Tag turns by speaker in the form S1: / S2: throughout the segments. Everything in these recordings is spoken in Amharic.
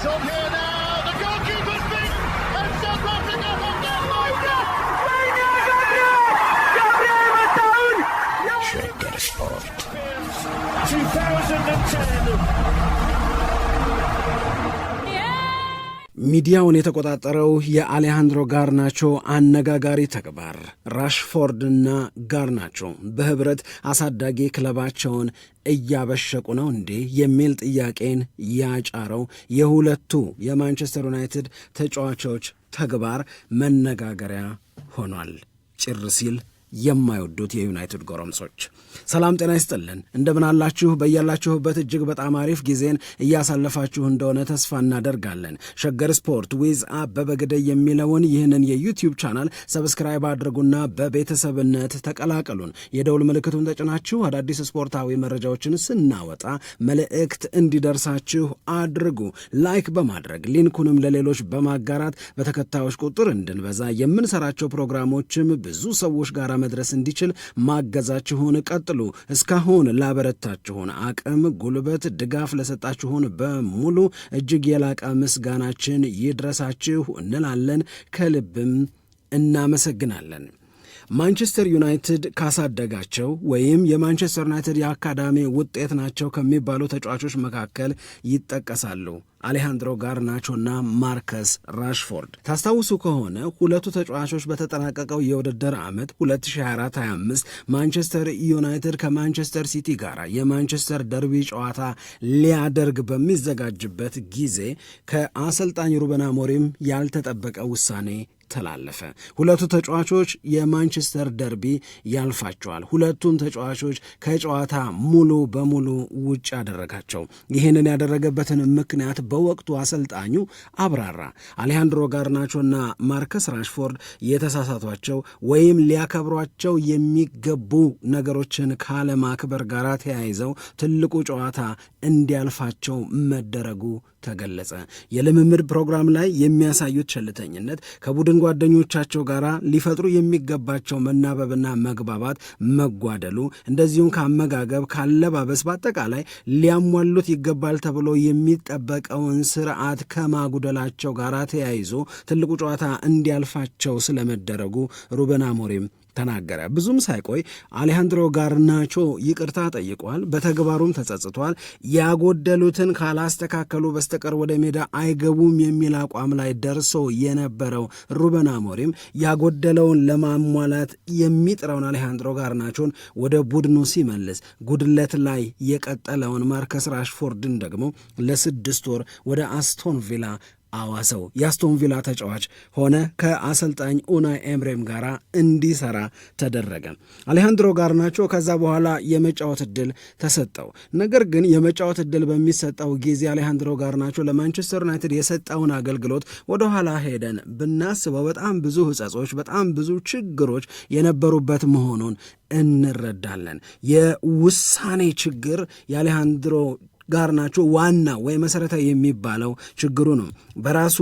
S1: It's okay. ሚዲያውን የተቆጣጠረው የአሌሃንድሮ ጋርናቾ አነጋጋሪ ተግባር ራሽፎርድና ጋርናቾ በህብረት አሳዳጊ ክለባቸውን እያበሸቁ ነው እንዴ የሚል ጥያቄን ያጫረው የሁለቱ የማንቸስተር ዩናይትድ ተጫዋቾች ተግባር መነጋገሪያ ሆኗል። ጭር ሲል የማይወዱት የዩናይትድ ጎረምሶች። ሰላም ጤና ይስጥልን፣ እንደምናላችሁ በያላችሁበት እጅግ በጣም አሪፍ ጊዜን እያሳለፋችሁ እንደሆነ ተስፋ እናደርጋለን። ሸገር ስፖርት ዊዝ አበበ ግደይ የሚለውን ይህንን የዩቲዩብ ቻናል ሰብስክራይብ አድርጉና በቤተሰብነት ተቀላቀሉን። የደውል ምልክቱን ተጭናችሁ አዳዲስ ስፖርታዊ መረጃዎችን ስናወጣ መልእክት እንዲደርሳችሁ አድርጉ። ላይክ በማድረግ ሊንኩንም ለሌሎች በማጋራት በተከታዮች ቁጥር እንድንበዛ የምንሰራቸው ፕሮግራሞችም ብዙ ሰዎች ጋር መድረስ እንዲችል ማገዛችሁን ቀጥሉ። እስካሁን ላበረታችሁን አቅም፣ ጉልበት፣ ድጋፍ ለሰጣችሁን በሙሉ እጅግ የላቀ ምስጋናችን ይድረሳችሁ እንላለን። ከልብም እናመሰግናለን። ማንቸስተር ዩናይትድ ካሳደጋቸው ወይም የማንቸስተር ዩናይትድ የአካዳሚ ውጤት ናቸው ከሚባሉ ተጫዋቾች መካከል ይጠቀሳሉ። አሌሃንድሮ ጋርናቾና ማርከስ ራሽፎርድ ታስታውሱ ከሆነ ሁለቱ ተጫዋቾች በተጠናቀቀው የውድድር ዓመት 2024/25 ማንቸስተር ዩናይትድ ከማንቸስተር ሲቲ ጋር የማንቸስተር ደርቢ ጨዋታ ሊያደርግ በሚዘጋጅበት ጊዜ ከአሰልጣኝ ሩበን አሞሪም ያልተጠበቀ ውሳኔ ተላለፈ። ሁለቱ ተጫዋቾች የማንቸስተር ደርቢ ያልፋቸዋል። ሁለቱን ተጫዋቾች ከጨዋታ ሙሉ በሙሉ ውጭ አደረጋቸው። ይህንን ያደረገበትን ምክንያት በወቅቱ አሰልጣኙ አብራራ። አሌሃንድሮ ጋርናቾና ማርከስ ራሽፎርድ የተሳሳቷቸው ወይም ሊያከብሯቸው የሚገቡ ነገሮችን ካለማክበር ጋር ተያይዘው ትልቁ ጨዋታ እንዲያልፋቸው መደረጉ ተገለጸ። የልምምድ ፕሮግራም ላይ የሚያሳዩት ቸልተኝነት ከቡድን ጓደኞቻቸው ጋር ሊፈጥሩ የሚገባቸው መናበብና መግባባት መጓደሉ፣ እንደዚሁም ከአመጋገብ፣ ካለባበስ በአጠቃላይ ሊያሟሉት ይገባል ተብሎ የሚጠበቀውን ስርዓት ከማጉደላቸው ጋር ተያይዞ ትልቁ ጨዋታ እንዲያልፋቸው ስለመደረጉ ሩበን አሞሪም ተናገረ። ብዙም ሳይቆይ አሌሃንድሮ ጋርናቾ ይቅርታ ጠይቋል። በተግባሩም ተጸጽቷል። ያጎደሉትን ካላስተካከሉ በስተቀር ወደ ሜዳ አይገቡም የሚል አቋም ላይ ደርሶ የነበረው ሩበን አሞሪም ያጎደለውን ለማሟላት የሚጥረውን አሌሃንድሮ ጋርናቾን ወደ ቡድኑ ሲመልስ ጉድለት ላይ የቀጠለውን ማርከስ ራሽፎርድን ደግሞ ለስድስት ወር ወደ አስቶን ቪላ አዋሰው የአስቶን ቪላ ተጫዋች ሆነ። ከአሰልጣኝ ኡናይ ኤምሬም ጋር እንዲሰራ ተደረገ። አሌሃንድሮ ጋርናቾ ከዛ በኋላ የመጫወት እድል ተሰጠው። ነገር ግን የመጫወት እድል በሚሰጠው ጊዜ አሌሃንድሮ ጋርናቾ ለማንቸስተር ዩናይትድ የሰጠውን አገልግሎት ወደኋላ ሄደን ብናስበው በጣም ብዙ ሕጸጾች፣ በጣም ብዙ ችግሮች የነበሩበት መሆኑን እንረዳለን። የውሳኔ ችግር የአሌሃንድሮ ጋር ናቸው። ዋና ወይ መሰረታዊ የሚባለው ችግሩ ነው በራሱ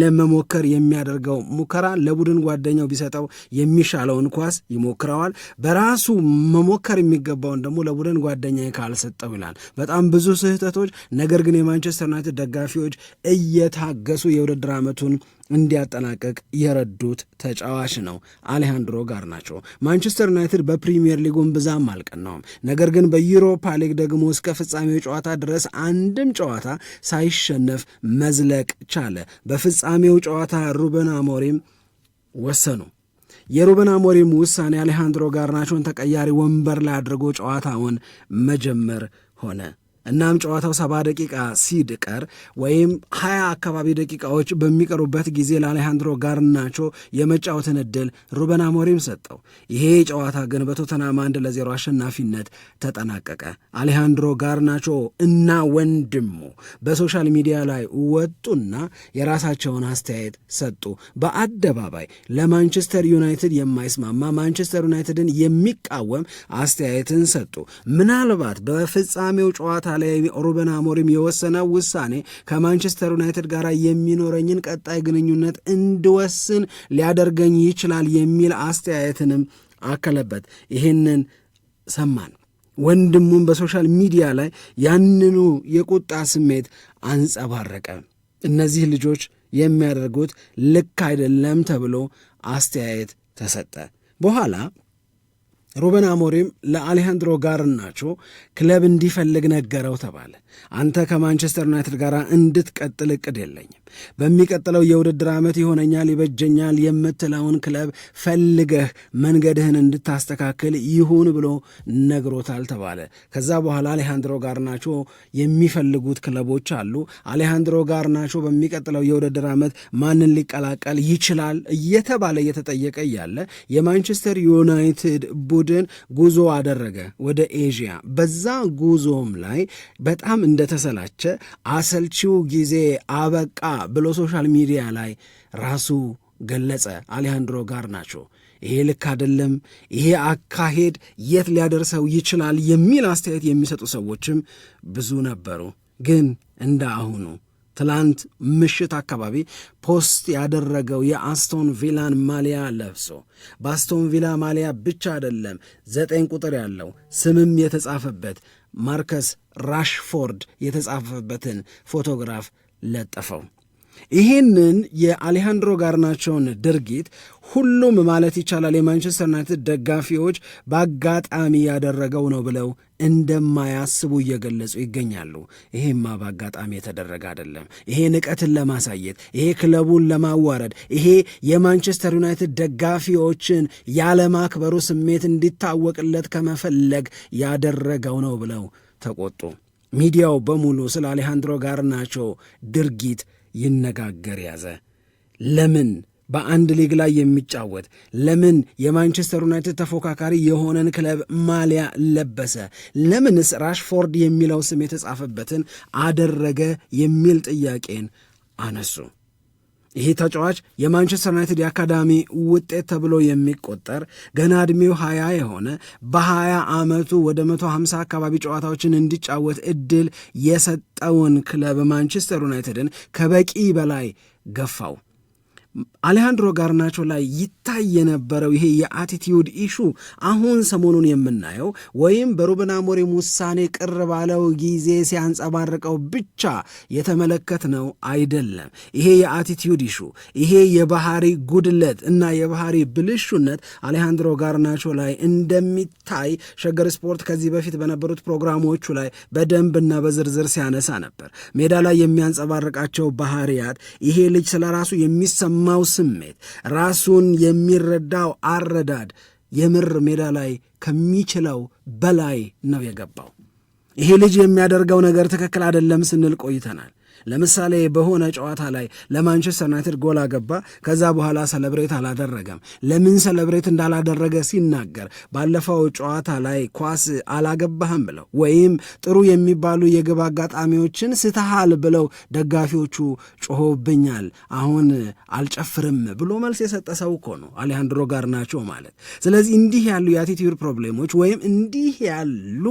S1: ለመሞከር የሚያደርገው ሙከራ ለቡድን ጓደኛው ቢሰጠው የሚሻለውን ኳስ ይሞክረዋል። በራሱ መሞከር የሚገባውን ደግሞ ለቡድን ጓደኛ ካልሰጠው ይላል። በጣም ብዙ ስህተቶች። ነገር ግን የማንቸስተር ዩናይትድ ደጋፊዎች እየታገሱ የውድድር ዓመቱን እንዲያጠናቀቅ የረዱት ተጫዋች ነው አሌሃንድሮ ጋርናቾ። ማንቸስተር ዩናይትድ በፕሪሚየር ሊጉን ብዛም አልቀናውም። ነገር ግን በዩሮፓ ሊግ ደግሞ እስከ ፍጻሜው ጨዋታ ድረስ አንድም ጨዋታ ሳይሸነፍ መዝለቅ ቻለ። በፍጻሜው ጨዋታ ሩበን አሞሪም ወሰኑ። የሩበን አሞሪም ውሳኔ አሌሃንድሮ ጋርናቾን ተቀያሪ ወንበር ላይ አድርጎ ጨዋታውን መጀመር ሆነ። እናም ጨዋታው ሰባ ደቂቃ ሲድቀር ወይም ሀያ አካባቢ ደቂቃዎች በሚቀሩበት ጊዜ ለአሌሃንድሮ ጋርናቾ የመጫወትን እድል ሩበን አሞሪም ሰጠው። ይሄ ጨዋታ ግን በቶተናም አንድ ለዜሮ አሸናፊነት ተጠናቀቀ። አሌሃንድሮ ጋርናቾ እና ወንድሙ በሶሻል ሚዲያ ላይ ወጡና የራሳቸውን አስተያየት ሰጡ። በአደባባይ ለማንቸስተር ዩናይትድ የማይስማማ ማንቸስተር ዩናይትድን የሚቃወም አስተያየትን ሰጡ። ምናልባት በፍጻሜው ጨዋታ ላይ ሩበን አሞሪም የወሰነው ውሳኔ ከማንቸስተር ዩናይትድ ጋር የሚኖረኝን ቀጣይ ግንኙነት እንድወስን ሊያደርገኝ ይችላል የሚል አስተያየትንም አከለበት። ይህንን ሰማን። ወንድሙም በሶሻል ሚዲያ ላይ ያንኑ የቁጣ ስሜት አንጸባረቀ። እነዚህ ልጆች የሚያደርጉት ልክ አይደለም ተብሎ አስተያየት ተሰጠ። በኋላ ሩበን አሞሪም ለአሌሃንድሮ ጋርናቾ ክለብ እንዲፈልግ ነገረው ተባለ። አንተ ከማንቸስተር ዩናይትድ ጋር እንድትቀጥል እቅድ የለኝም፣ በሚቀጥለው የውድድር ዓመት ይሆነኛል ይበጀኛል የምትለውን ክለብ ፈልገህ መንገድህን እንድታስተካክል ይሁን ብሎ ነግሮታል ተባለ። ከዛ በኋላ አሌሃንድሮ ጋርናቾ የሚፈልጉት ክለቦች አሉ። አሌሃንድሮ ጋርናቾ በሚቀጥለው የውድድር ዓመት ማንን ሊቀላቀል ይችላል እየተባለ እየተጠየቀ እያለ የማንቸስተር ዩናይትድ ቡ ቡድን ጉዞ አደረገ ወደ ኤዥያ። በዛ ጉዞም ላይ በጣም እንደተሰላቸ አሰልቺው ጊዜ አበቃ ብሎ ሶሻል ሚዲያ ላይ ራሱ ገለጸ። አሌሃንድሮ ጋርናቾ ይሄ ልክ አይደለም፣ ይሄ አካሄድ የት ሊያደርሰው ይችላል የሚል አስተያየት የሚሰጡ ሰዎችም ብዙ ነበሩ። ግን እንደ አሁኑ ትላንት ምሽት አካባቢ ፖስት ያደረገው የአስቶን ቪላን ማሊያ ለብሶ በአስቶን ቪላ ማሊያ ብቻ አይደለም ዘጠኝ ቁጥር ያለው ስምም የተጻፈበት ማርከስ ራሽፎርድ የተጻፈበትን ፎቶግራፍ ለጠፈው። ይህንን የአሌሃንድሮ ጋርናቸውን ድርጊት ሁሉም ማለት ይቻላል የማንቸስተር ዩናይትድ ደጋፊዎች በአጋጣሚ ያደረገው ነው ብለው እንደማያስቡ እየገለጹ ይገኛሉ። ይሄማ በአጋጣሚ የተደረገ አይደለም። ይሄ ንቀትን ለማሳየት፣ ይሄ ክለቡን ለማዋረድ፣ ይሄ የማንቸስተር ዩናይትድ ደጋፊዎችን ያለማክበሩ ስሜት እንዲታወቅለት ከመፈለግ ያደረገው ነው ብለው ተቆጡ። ሚዲያው በሙሉ ስለ አሌሃንድሮ ጋርናቾ ድርጊት ይነጋገር ያዘ። ለምን በአንድ ሊግ ላይ የሚጫወት ለምን የማንቸስተር ዩናይትድ ተፎካካሪ የሆነን ክለብ ማሊያ ለበሰ? ለምንስ ራሽፎርድ የሚለው ስም የተጻፈበትን አደረገ የሚል ጥያቄን አነሱ። ይህ ተጫዋች የማንቸስተር ዩናይትድ የአካዳሚ ውጤት ተብሎ የሚቆጠር ገና ዕድሜው ሀያ የሆነ በሀያ ዓመቱ ወደ መቶ ሀምሳ አካባቢ ጨዋታዎችን እንዲጫወት እድል የሰጠውን ክለብ ማንቸስተር ዩናይትድን ከበቂ በላይ ገፋው። አሌሃንድሮ ጋርናቾ ላይ ይታይ የነበረው ይሄ የአቲቲዩድ ኢሹ አሁን ሰሞኑን የምናየው ወይም በሩበን አሞሪም ውሳኔ ቅር ባለው ጊዜ ሲያንጸባርቀው ብቻ የተመለከት ነው አይደለም። ይሄ የአቲቲዩድ ኢሹ ይሄ የባህሪ ጉድለት እና የባህሪ ብልሹነት አሌሃንድሮ ጋርናቾ ላይ እንደሚታይ ሸገር ስፖርት ከዚህ በፊት በነበሩት ፕሮግራሞቹ ላይ በደንብና በዝርዝር ሲያነሳ ነበር። ሜዳ ላይ የሚያንጸባርቃቸው ባህሪያት ይሄ ልጅ ስለራሱ የሚሰማ የሚሰማው ስሜት፣ ራሱን የሚረዳው አረዳድ የምር ሜዳ ላይ ከሚችለው በላይ ነው የገባው። ይሄ ልጅ የሚያደርገው ነገር ትክክል አይደለም ስንል ቆይተናል። ለምሳሌ በሆነ ጨዋታ ላይ ለማንቸስተር ዩናይትድ ጎል አገባ፣ ከዛ በኋላ ሰለብሬት አላደረገም። ለምን ሰለብሬት እንዳላደረገ ሲናገር ባለፈው ጨዋታ ላይ ኳስ አላገባህም ብለው ወይም ጥሩ የሚባሉ የግብ አጋጣሚዎችን ስተሃል ብለው ደጋፊዎቹ ጮሆብኛል፣ አሁን አልጨፍርም ብሎ መልስ የሰጠ ሰው እኮ ነው አሌሃንድሮ ጋር ናቸው ማለት። ስለዚህ እንዲህ ያሉ የአቲቲዩድ ፕሮብሌሞች ወይም እንዲህ ያሉ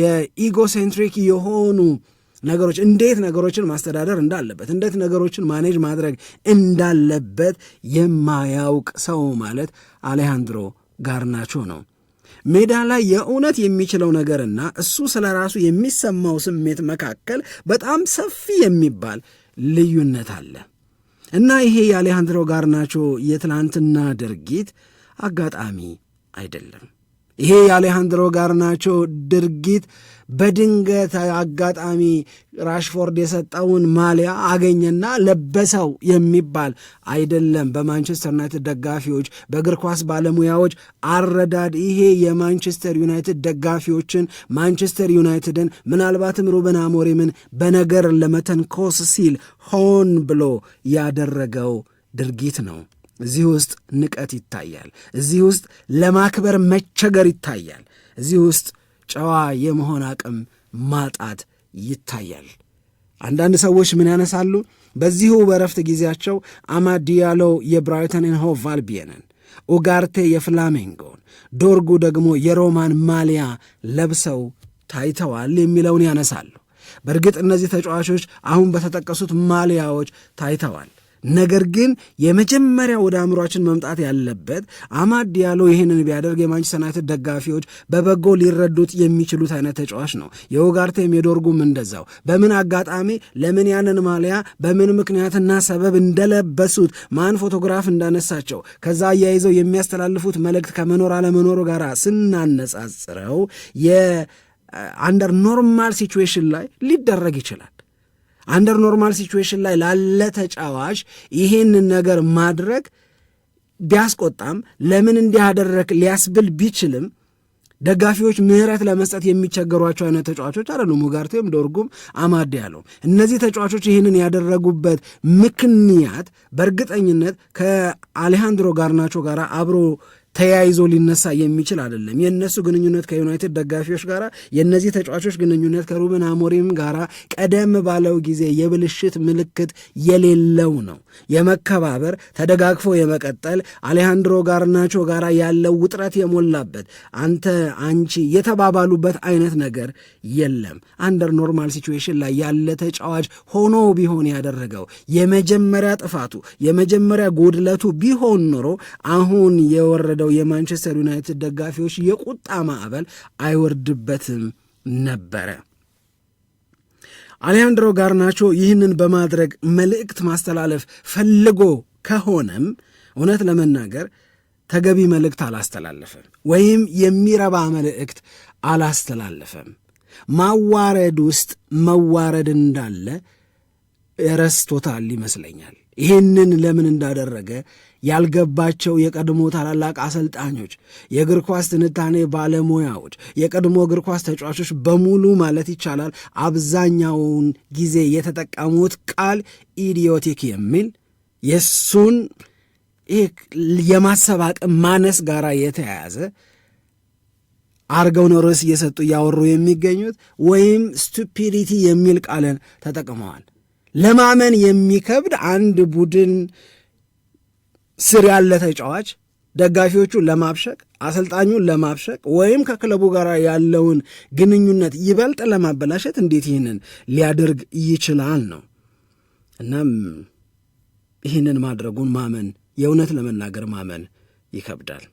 S1: የኢጎሴንትሪክ የሆኑ ነገሮች እንዴት ነገሮችን ማስተዳደር እንዳለበት እንዴት ነገሮችን ማኔጅ ማድረግ እንዳለበት የማያውቅ ሰው ማለት አሌሃንድሮ ጋርናቾ ነው። ሜዳ ላይ የእውነት የሚችለው ነገርና እሱ ስለ ራሱ የሚሰማው ስሜት መካከል በጣም ሰፊ የሚባል ልዩነት አለ እና ይሄ የአሌሃንድሮ ጋርናቾ የትላንትና ድርጊት አጋጣሚ አይደለም። ይሄ የአሌሃንድሮ ጋርናቾ ድርጊት በድንገት አጋጣሚ ራሽፎርድ የሰጠውን ማሊያ አገኘና ለበሰው የሚባል አይደለም። በማንቸስተር ዩናይትድ ደጋፊዎች፣ በእግር ኳስ ባለሙያዎች አረዳድ ይሄ የማንቸስተር ዩናይትድ ደጋፊዎችን ማንቸስተር ዩናይትድን ምናልባትም ሩበን አሞሪምን በነገር ለመተንኮስ ሲል ሆን ብሎ ያደረገው ድርጊት ነው። እዚህ ውስጥ ንቀት ይታያል። እዚህ ውስጥ ለማክበር መቸገር ይታያል። እዚህ ውስጥ ጨዋ የመሆን አቅም ማጣት ይታያል። አንዳንድ ሰዎች ምን ያነሳሉ? በዚሁ በረፍት ጊዜያቸው አማዲ ያለው የብራይተንን ሆቭ አልቢየንን፣ ኡጋርቴ የፍላሜንጎን፣ ዶርጉ ደግሞ የሮማን ማሊያ ለብሰው ታይተዋል የሚለውን ያነሳሉ። በእርግጥ እነዚህ ተጫዋቾች አሁን በተጠቀሱት ማሊያዎች ታይተዋል። ነገር ግን የመጀመሪያ ወደ አእምሯችን መምጣት ያለበት አማድ ዲያሎ ይህንን ቢያደርግ የማንቸስተር ዩናይትድ ደጋፊዎች በበጎ ሊረዱት የሚችሉት አይነት ተጫዋች ነው። የኦጋርቴም የዶርጉም እንደዛው። በምን አጋጣሚ ለምን ያንን ማሊያ በምን ምክንያትና ሰበብ እንደለበሱት ማን ፎቶግራፍ እንዳነሳቸው ከዛ አያይዘው የሚያስተላልፉት መልእክት ከመኖር አለመኖሩ ጋር ስናነጻጽረው የአንደር ኖርማል ሲቹዌሽን ላይ ሊደረግ ይችላል። አንደር ኖርማል ሲቹዌሽን ላይ ላለ ተጫዋች ይሄንን ነገር ማድረግ ቢያስቆጣም ለምን እንዲያደረግ ሊያስብል ቢችልም ደጋፊዎች ምህረት ለመስጠት የሚቸገሯቸው አይነት ተጫዋቾች አይደሉም። ሙጋርቴም ዶርጉም አማድ ያለው እነዚህ ተጫዋቾች ይህንን ያደረጉበት ምክንያት በእርግጠኝነት ከአሌሃንድሮ ጋርናቾ ጋር አብሮ ተያይዞ ሊነሳ የሚችል አይደለም። የእነሱ ግንኙነት ከዩናይትድ ደጋፊዎች ጋር፣ የእነዚህ ተጫዋቾች ግንኙነት ከሩበን አሞሪም ጋር ቀደም ባለው ጊዜ የብልሽት ምልክት የሌለው ነው። የመከባበር ተደጋግፎ የመቀጠል አሌሃንድሮ ጋርናቾ ጋር ያለው ውጥረት የሞላበት አንተ አንቺ የተባባሉበት አይነት ነገር የለም። አንደር ኖርማል ሲቹዌሽን ላይ ያለ ተጫዋች ሆኖ ቢሆን ያደረገው የመጀመሪያ ጥፋቱ የመጀመሪያ ጎድለቱ ቢሆን ኖሮ አሁን የወረደ የወረደው የማንቸስተር ዩናይትድ ደጋፊዎች የቁጣ ማዕበል አይወርድበትም ነበረ። ጋር ጋርናቾ ይህንን በማድረግ መልእክት ማስተላለፍ ፈልጎ ከሆነም እውነት ለመናገር ተገቢ መልእክት አላስተላለፈም ወይም የሚረባ መልእክት አላስተላለፈም። ማዋረድ ውስጥ መዋረድ እንዳለ ረስቶታል ይመስለኛል። ይህንን ለምን እንዳደረገ ያልገባቸው የቀድሞ ታላላቅ አሰልጣኞች፣ የእግር ኳስ ትንታኔ ባለሙያዎች፣ የቀድሞ እግር ኳስ ተጫዋቾች በሙሉ ማለት ይቻላል አብዛኛውን ጊዜ የተጠቀሙት ቃል ኢዲዮቲክ የሚል የእሱን የማሰብ አቅም ማነስ ጋር የተያያዘ አርገው ነው ርዕስ እየሰጡ እያወሩ የሚገኙት ወይም ስቱፒዲቲ የሚል ቃልን ተጠቅመዋል። ለማመን የሚከብድ አንድ ቡድን ስር ያለ ተጫዋች ደጋፊዎቹን ለማብሸቅ አሰልጣኙን ለማብሸቅ ወይም ከክለቡ ጋር ያለውን ግንኙነት ይበልጥ ለማበላሸት እንዴት ይህንን ሊያደርግ ይችላል ነው። እናም ይህንን ማድረጉን ማመን የእውነት ለመናገር ማመን ይከብዳል።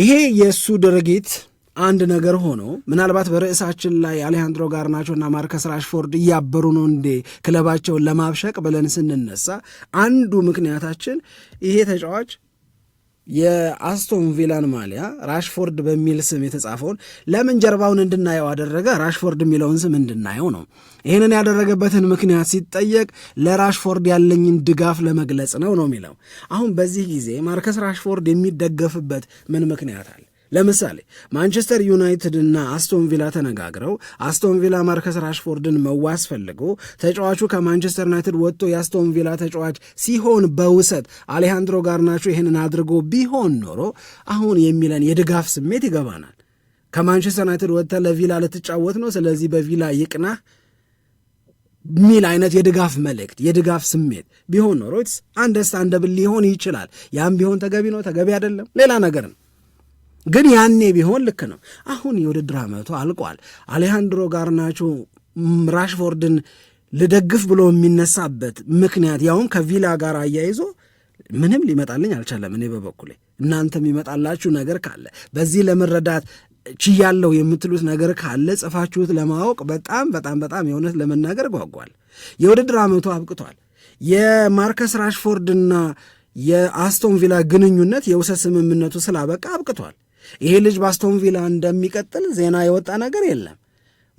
S1: ይሄ የእሱ ድርጊት አንድ ነገር ሆኖ ምናልባት በርዕሳችን ላይ አሌሃንድሮ እና ማርከስ ራሽፎርድ እያበሩ ነው እንዴ ክለባቸውን ለማብሸቅ ብለን ስንነሳ አንዱ ምክንያታችን ይሄ ተጫዋች የአስቶን ቪላን ማሊያ ራሽፎርድ በሚል ስም የተጻፈውን ለምን ጀርባውን እንድናየው አደረገ? ራሽፎርድ የሚለውን ስም እንድናየው ነው። ይህንን ያደረገበትን ምክንያት ሲጠየቅ ለራሽፎርድ ያለኝን ድጋፍ ለመግለጽ ነው ነው የሚለው። አሁን በዚህ ጊዜ ማርከስ ራሽፎርድ የሚደገፍበት ምን ምክንያት አለ? ለምሳሌ ማንቸስተር ዩናይትድ እና አስቶን ቪላ ተነጋግረው አስቶን ቪላ ማርከስ ራሽፎርድን መዋስ ፈልጎ ተጫዋቹ ከማንቸስተር ዩናይትድ ወጥቶ የአስቶን ቪላ ተጫዋች ሲሆን በውሰት አሌሃንድሮ ጋርናቾ ይህንን አድርጎ ቢሆን ኖሮ አሁን የሚለን የድጋፍ ስሜት ይገባናል። ከማንቸስተር ዩናይትድ ወጥተ ለቪላ ልትጫወት ነው፣ ስለዚህ በቪላ ይቅናህ ሚል አይነት የድጋፍ መልእክት የድጋፍ ስሜት ቢሆን ኖሮ አንደስታንደብል ሊሆን ይችላል። ያም ቢሆን ተገቢ ነው ተገቢ አይደለም ሌላ ነገር ነው። ግን ያኔ ቢሆን ልክ ነው። አሁን የውድድር ዓመቱ አልቋል። አሌሃንድሮ ጋርናቾ ራሽፎርድን ልደግፍ ብሎ የሚነሳበት ምክንያት ያውም ከቪላ ጋር አያይዞ ምንም ሊመጣልኝ አልቻለም። እኔ በበኩሌ እናንተ የሚመጣላችሁ ነገር ካለ በዚህ ለመረዳት ችያለሁ የምትሉት ነገር ካለ ጽፋችሁት ለማወቅ በጣም በጣም በጣም የእውነት ለመናገር ጓጓል። የውድድር ዓመቱ አብቅቷል። የማርከስ ራሽፎርድና የአስቶን ቪላ ግንኙነት የውሰት ስምምነቱ ስላበቃ አብቅቷል። ይሄ ልጅ ባስቶን ቪላ እንደሚቀጥል ዜና የወጣ ነገር የለም።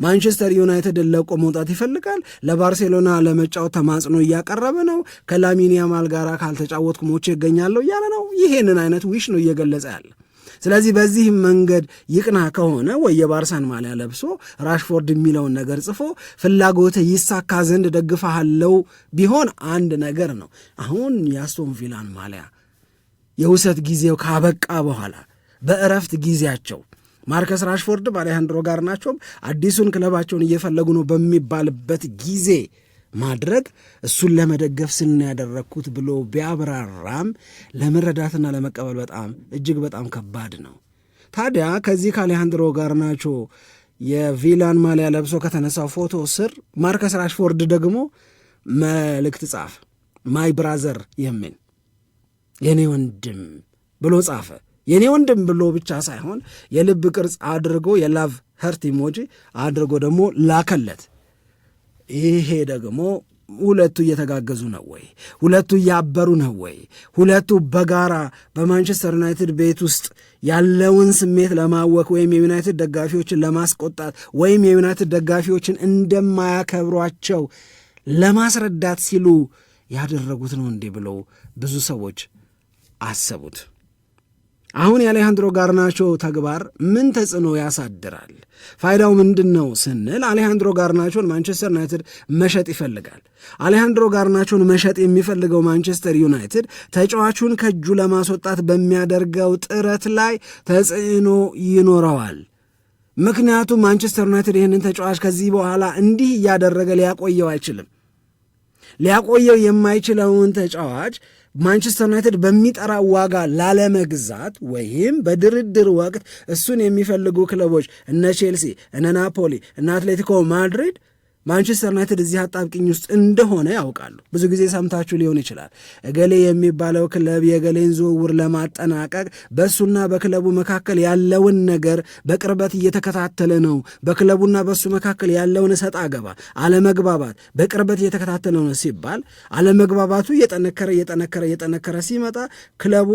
S1: ማንቸስተር ዩናይትድ ለቆ መውጣት ይፈልጋል። ለባርሴሎና ለመጫወት ተማጽኖ እያቀረበ ነው። ከላሚን ያማል ጋር ካልተጫወትኩ ሞቼ ይገኛለሁ እያለ ነው። ይሄንን አይነት ዊሽ ነው እየገለጸ ያለ። ስለዚህ በዚህ መንገድ ይቅና ከሆነ ወይ የባርሳን ማሊያ ለብሶ ራሽፎርድ የሚለውን ነገር ጽፎ ፍላጎት ይሳካ ዘንድ ደግፈሃለው ቢሆን አንድ ነገር ነው። አሁን የአስቶን ቪላን ማሊያ የውሰት ጊዜው ካበቃ በኋላ በእረፍት ጊዜያቸው ማርከስ ራሽፎርድ ራሽፎርድም ጋር ናቸውም አዲሱን ክለባቸውን እየፈለጉ ነው በሚባልበት ጊዜ ማድረግ እሱን ለመደገፍ ስና ያደረግኩት ብሎ ቢያብራራም ለመረዳትና ለመቀበል በጣም እጅግ በጣም ከባድ ነው። ታዲያ ከዚህ ከአሌሃንድሮ ናቾ የቪላን ማሊያ ለብሶ ከተነሳው ፎቶ ስር ማርከስ ራሽፎርድ ደግሞ መልእክት ጻፈ። ማይ ብራዘር የሚል የኔ ወንድም ብሎ ጻፈ። የኔ ወንድም ብሎ ብቻ ሳይሆን የልብ ቅርጽ አድርጎ የላቭ ሀርት ኢሞጂ አድርጎ ደግሞ ላከለት። ይሄ ደግሞ ሁለቱ እየተጋገዙ ነው ወይ? ሁለቱ እያበሩ ነው ወይ? ሁለቱ በጋራ በማንቸስተር ዩናይትድ ቤት ውስጥ ያለውን ስሜት ለማወክ ወይም የዩናይትድ ደጋፊዎችን ለማስቆጣት ወይም የዩናይትድ ደጋፊዎችን እንደማያከብሯቸው ለማስረዳት ሲሉ ያደረጉት ነው እንዲህ ብለው ብዙ ሰዎች አሰቡት። አሁን የአሌሃንድሮ ጋርናቾ ተግባር ምን ተጽዕኖ ያሳድራል? ፋይዳው ምንድን ነው ስንል አሌሃንድሮ ጋርናቾን ማንቸስተር ዩናይትድ መሸጥ ይፈልጋል። አሌሃንድሮ ጋርናቾን መሸጥ የሚፈልገው ማንቸስተር ዩናይትድ ተጫዋቹን ከእጁ ለማስወጣት በሚያደርገው ጥረት ላይ ተጽዕኖ ይኖረዋል። ምክንያቱም ማንቸስተር ዩናይትድ ይህንን ተጫዋች ከዚህ በኋላ እንዲህ እያደረገ ሊያቆየው አይችልም። ሊያቆየው የማይችለውን ተጫዋች ማንቸስተር ዩናይትድ በሚጠራ ዋጋ ላለመግዛት ወይም በድርድር ወቅት እሱን የሚፈልጉ ክለቦች እነ ቼልሲ፣ እነ ናፖሊ፣ እነ አትሌቲኮ ማድሪድ ማንቸስተር ዩናይትድ እዚህ አጣብቅኝ ውስጥ እንደሆነ ያውቃሉ። ብዙ ጊዜ ሰምታችሁ ሊሆን ይችላል እገሌ የሚባለው ክለብ የገሌን ዝውውር ለማጠናቀቅ በእሱና በክለቡ መካከል ያለውን ነገር በቅርበት እየተከታተለ ነው፣ በክለቡና በእሱ መካከል ያለውን እሰጥ አገባ አለመግባባት በቅርበት እየተከታተለ ነው ሲባል አለመግባባቱ እየጠነከረ እየጠነከረ እየጠነከረ ሲመጣ ክለቡ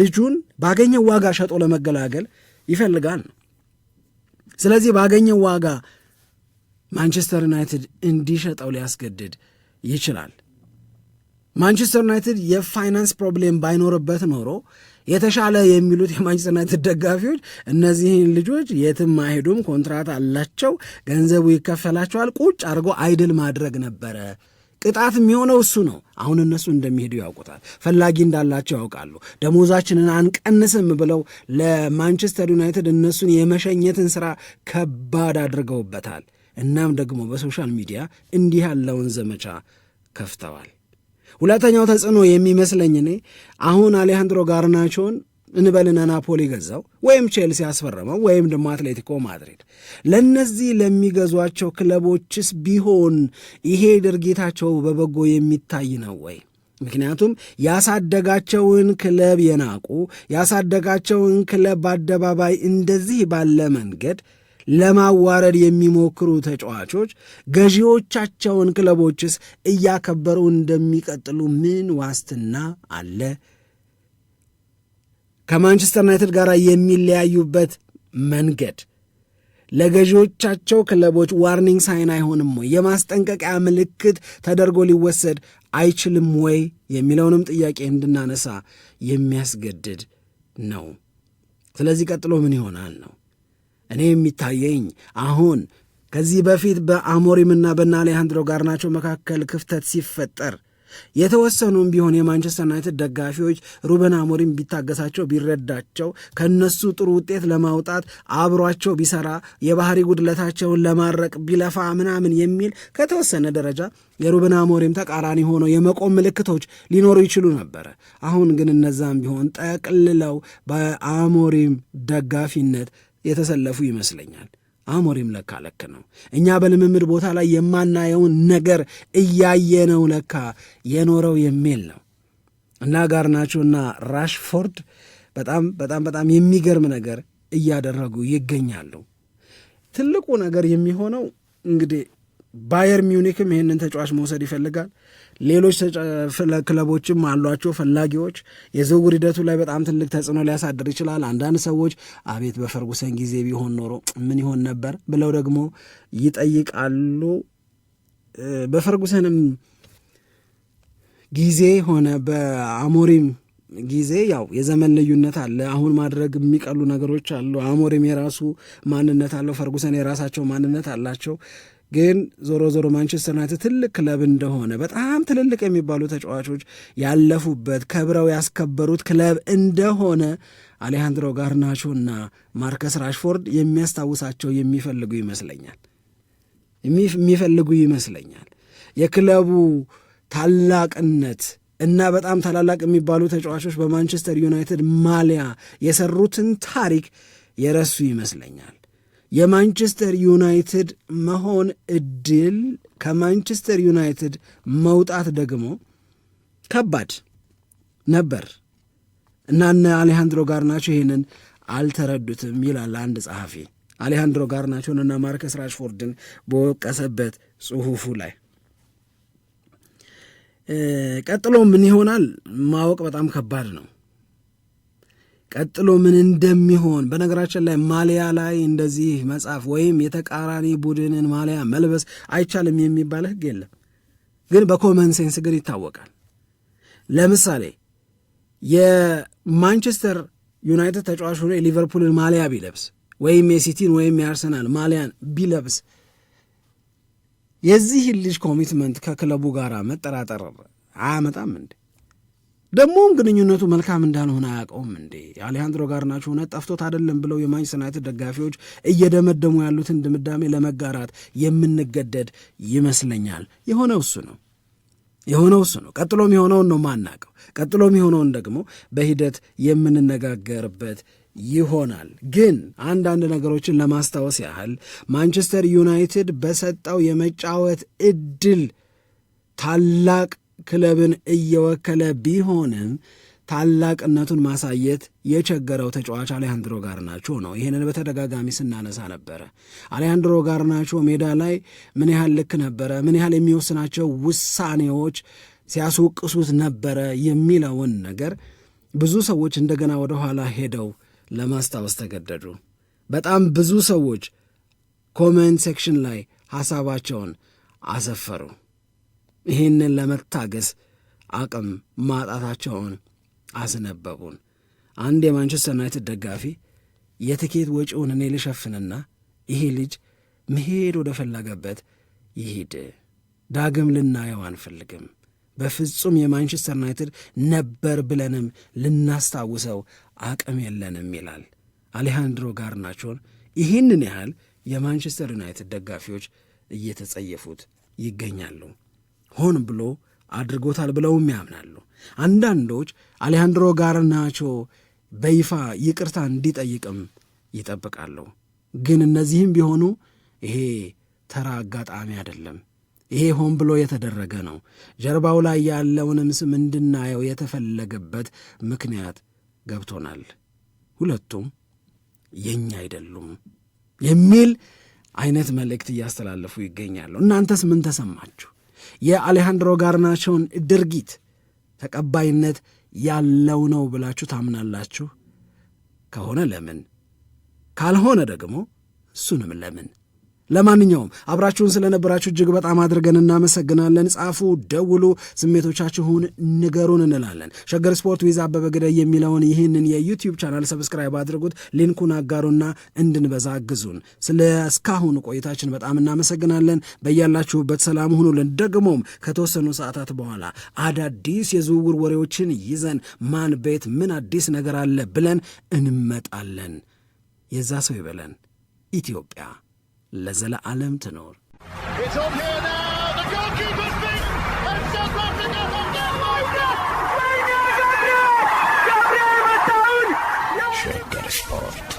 S1: ልጁን ባገኘው ዋጋ ሸጦ ለመገላገል ይፈልጋል ነው። ስለዚህ ባገኘው ዋጋ ማንቸስተር ዩናይትድ እንዲሸጠው ሊያስገድድ ይችላል። ማንቸስተር ዩናይትድ የፋይናንስ ፕሮብሌም ባይኖርበት ኖሮ የተሻለ የሚሉት የማንቸስተር ዩናይትድ ደጋፊዎች እነዚህን ልጆች የትም አይሄዱም፣ ኮንትራት አላቸው፣ ገንዘቡ ይከፈላቸዋል፣ ቁጭ አድርጎ አይድል ማድረግ ነበረ። ቅጣት የሚሆነው እሱ ነው። አሁን እነሱ እንደሚሄዱ ያውቁታል፣ ፈላጊ እንዳላቸው ያውቃሉ። ደሞዛችንን አንቀንስም ብለው ለማንቸስተር ዩናይትድ እነሱን የመሸኘትን ስራ ከባድ አድርገውበታል። እናም ደግሞ በሶሻል ሚዲያ እንዲህ ያለውን ዘመቻ ከፍተዋል። ሁለተኛው ተጽዕኖ የሚመስለኝ እኔ አሁን አሌሃንድሮ ጋርናቾን እንበልና ናፖሊ ገዛው ወይም ቼልሲ ያስፈረመው ወይም ደግሞ አትሌቲኮ ማድሪድ ለእነዚህ ለሚገዟቸው ክለቦችስ ቢሆን ይሄ ድርጊታቸው በበጎ የሚታይ ነው ወይ? ምክንያቱም ያሳደጋቸውን ክለብ የናቁ ያሳደጋቸውን ክለብ በአደባባይ እንደዚህ ባለ መንገድ ለማዋረድ የሚሞክሩ ተጫዋቾች ገዢዎቻቸውን ክለቦችስ እያከበሩ እንደሚቀጥሉ ምን ዋስትና አለ? ከማንቸስተር ዩናይትድ ጋር የሚለያዩበት መንገድ ለገዢዎቻቸው ክለቦች ዋርኒንግ ሳይን አይሆንም ወይ? የማስጠንቀቂያ ምልክት ተደርጎ ሊወሰድ አይችልም ወይ የሚለውንም ጥያቄ እንድናነሳ የሚያስገድድ ነው። ስለዚህ ቀጥሎ ምን ይሆናል ነው እኔ የሚታየኝ አሁን ከዚህ በፊት በአሞሪምና በአሌሃንድሮ ጋርናቾ መካከል ክፍተት ሲፈጠር የተወሰኑም ቢሆን የማንቸስተር ዩናይትድ ደጋፊዎች ሩበን አሞሪም ቢታገሳቸው ቢረዳቸው ከነሱ ጥሩ ውጤት ለማውጣት አብሯቸው ቢሰራ የባህሪ ጉድለታቸውን ለማረቅ ቢለፋ ምናምን የሚል ከተወሰነ ደረጃ የሩበን አሞሪም ተቃራኒ ሆነው የመቆም ምልክቶች ሊኖሩ ይችሉ ነበረ። አሁን ግን እነዛም ቢሆን ጠቅልለው በአሞሪም ደጋፊነት የተሰለፉ ይመስለኛል። አሞሪም ለካ ልክ ነው። እኛ በልምምድ ቦታ ላይ የማናየውን ነገር እያየ ነው ለካ የኖረው የሚል ነው እና እና ራሽፎርድ በጣም በጣም በጣም የሚገርም ነገር እያደረጉ ይገኛሉ። ትልቁ ነገር የሚሆነው እንግዲህ ባየር ሚውኒክም ይህንን ተጫዋች መውሰድ ይፈልጋል። ሌሎች ክለቦችም አሏቸው ፈላጊዎች። የዝውውር ሂደቱ ላይ በጣም ትልቅ ተጽዕኖ ሊያሳድር ይችላል። አንዳንድ ሰዎች አቤት በፈርጉሰን ጊዜ ቢሆን ኖሮ ምን ይሆን ነበር ብለው ደግሞ ይጠይቃሉ። በፈርጉሰንም ጊዜ ሆነ በአሞሪም ጊዜ ያው የዘመን ልዩነት አለ። አሁን ማድረግ የሚቀሉ ነገሮች አሉ። አሞሪም የራሱ ማንነት አለው፣ ፈርጉሰን የራሳቸው ማንነት አላቸው። ግን ዞሮ ዞሮ ማንቸስተር ዩናይትድ ትልቅ ክለብ እንደሆነ በጣም ትልልቅ የሚባሉ ተጫዋቾች ያለፉበት ከብረው ያስከበሩት ክለብ እንደሆነ አሌሃንድሮ ጋርናቾ እና ማርከስ ራሽፎርድ የሚያስታውሳቸው የሚፈልጉ ይመስለኛል የሚፈልጉ ይመስለኛል። የክለቡ ታላቅነት እና በጣም ታላላቅ የሚባሉ ተጫዋቾች በማንቸስተር ዩናይትድ ማሊያ የሰሩትን ታሪክ የረሱ ይመስለኛል። የማንቸስተር ዩናይትድ መሆን እድል ከማንቸስተር ዩናይትድ መውጣት ደግሞ ከባድ ነበር እና እነ አሌሃንድሮ ጋርናቾ ይህንን አልተረዱትም ይላል አንድ ጸሐፊ። አሌሃንድሮ ጋርናቾንና ማርከስ ራሽፎርድን በወቀሰበት ጽሑፉ ላይ ቀጥሎ ምን ይሆናል ማወቅ በጣም ከባድ ነው። ቀጥሎ ምን እንደሚሆን በነገራችን ላይ ማሊያ ላይ እንደዚህ መጻፍ ወይም የተቃራኒ ቡድንን ማሊያ መልበስ አይቻልም የሚባል ህግ የለም። ግን በኮመን ሴንስ ግን ይታወቃል። ለምሳሌ የማንቸስተር ዩናይትድ ተጫዋች ሆኖ የሊቨርፑልን ማሊያ ቢለብስ ወይም የሲቲን ወይም የአርሰናል ማሊያን ቢለብስ የዚህ ልጅ ኮሚትመንት ከክለቡ ጋር መጠራጠር አያመጣም እንዴ? ደግሞም ግንኙነቱ መልካም እንዳልሆነ አያውቀውም እንዴ? አሌሃንድሮ ጋርናቾ እውነት ጠፍቶት አይደለም ብለው የማንቸስተር ዩናይትድ ደጋፊዎች እየደመደሙ ያሉትን ድምዳሜ ለመጋራት የምንገደድ ይመስለኛል። የሆነው እሱ ነው የሆነው እሱ ነው። ቀጥሎም የሆነውን ነው ማናቀው። ቀጥሎ የሆነውን ደግሞ በሂደት የምንነጋገርበት ይሆናል። ግን አንዳንድ ነገሮችን ለማስታወስ ያህል ማንቸስተር ዩናይትድ በሰጠው የመጫወት እድል ታላቅ ክለብን እየወከለ ቢሆንም ታላቅነቱን ማሳየት የቸገረው ተጫዋች አሌሃንድሮ ጋርናቾ ነው። ይህንን በተደጋጋሚ ስናነሳ ነበረ። አሌሃንድሮ ጋርናቾ ሜዳ ላይ ምን ያህል ልክ ነበረ፣ ምን ያህል የሚወስናቸው ውሳኔዎች ሲያስወቅሱት ነበረ የሚለውን ነገር ብዙ ሰዎች እንደገና ወደኋላ ሄደው ለማስታወስ ተገደዱ። በጣም ብዙ ሰዎች ኮመንት ሴክሽን ላይ ሐሳባቸውን አሰፈሩ። ይህንን ለመታገስ አቅም ማጣታቸውን አስነበቡን። አንድ የማንቸስተር ዩናይትድ ደጋፊ የትኬት ወጪውን እኔ ልሸፍንና ይሄ ልጅ መሄድ ወደ ፈለገበት ይሂድ፣ ዳግም ልናየው አንፈልግም፣ በፍጹም የማንቸስተር ዩናይትድ ነበር ብለንም ልናስታውሰው አቅም የለንም ይላል። አሌሃንድሮ ጋርናቾን ይህንን ያህል የማንቸስተር ዩናይትድ ደጋፊዎች እየተጸየፉት ይገኛሉ። ሆን ብሎ አድርጎታል ብለውም ያምናሉ። አንዳንዶች አሌሃንድሮ ጋርናቾ በይፋ ይቅርታ እንዲጠይቅም ይጠብቃሉ። ግን እነዚህም ቢሆኑ ይሄ ተራ አጋጣሚ አይደለም። ይሄ ሆን ብሎ የተደረገ ነው። ጀርባው ላይ ያለውንም ስም እንድናየው የተፈለገበት ምክንያት ገብቶናል። ሁለቱም የኛ አይደሉም የሚል አይነት መልእክት እያስተላለፉ ይገኛሉ። እናንተስ ምን ተሰማችሁ? የአሌሃንድሮ ጋርናቸውን ድርጊት ተቀባይነት ያለው ነው ብላችሁ ታምናላችሁ? ከሆነ ለምን ካልሆነ ደግሞ እሱንም ለምን ለማንኛውም አብራችሁን ስለነበራችሁ እጅግ በጣም አድርገን እናመሰግናለን። ጻፉ፣ ደውሉ፣ ስሜቶቻችሁን ንገሩን እንላለን። ሸገር ስፖርት ዊዛ አበበ ግደይ የሚለውን ይህንን የዩቲዩብ ቻናል ሰብስክራይብ አድርጉት፣ ሊንኩን አጋሩና እንድንበዛ አግዙን። ስለ ቆይታችን በጣም እናመሰግናለን። በያላችሁበት ሰላም ሁኑልን። ደግሞም ከተወሰኑ ሰዓታት በኋላ አዳዲስ የዝውውር ወሬዎችን ይዘን ማን ቤት ምን አዲስ ነገር አለ ብለን እንመጣለን። የዛ ሰው ይበለን ኢትዮጵያ ለዘለዓለም ትኖር። ሸገር ስፖርት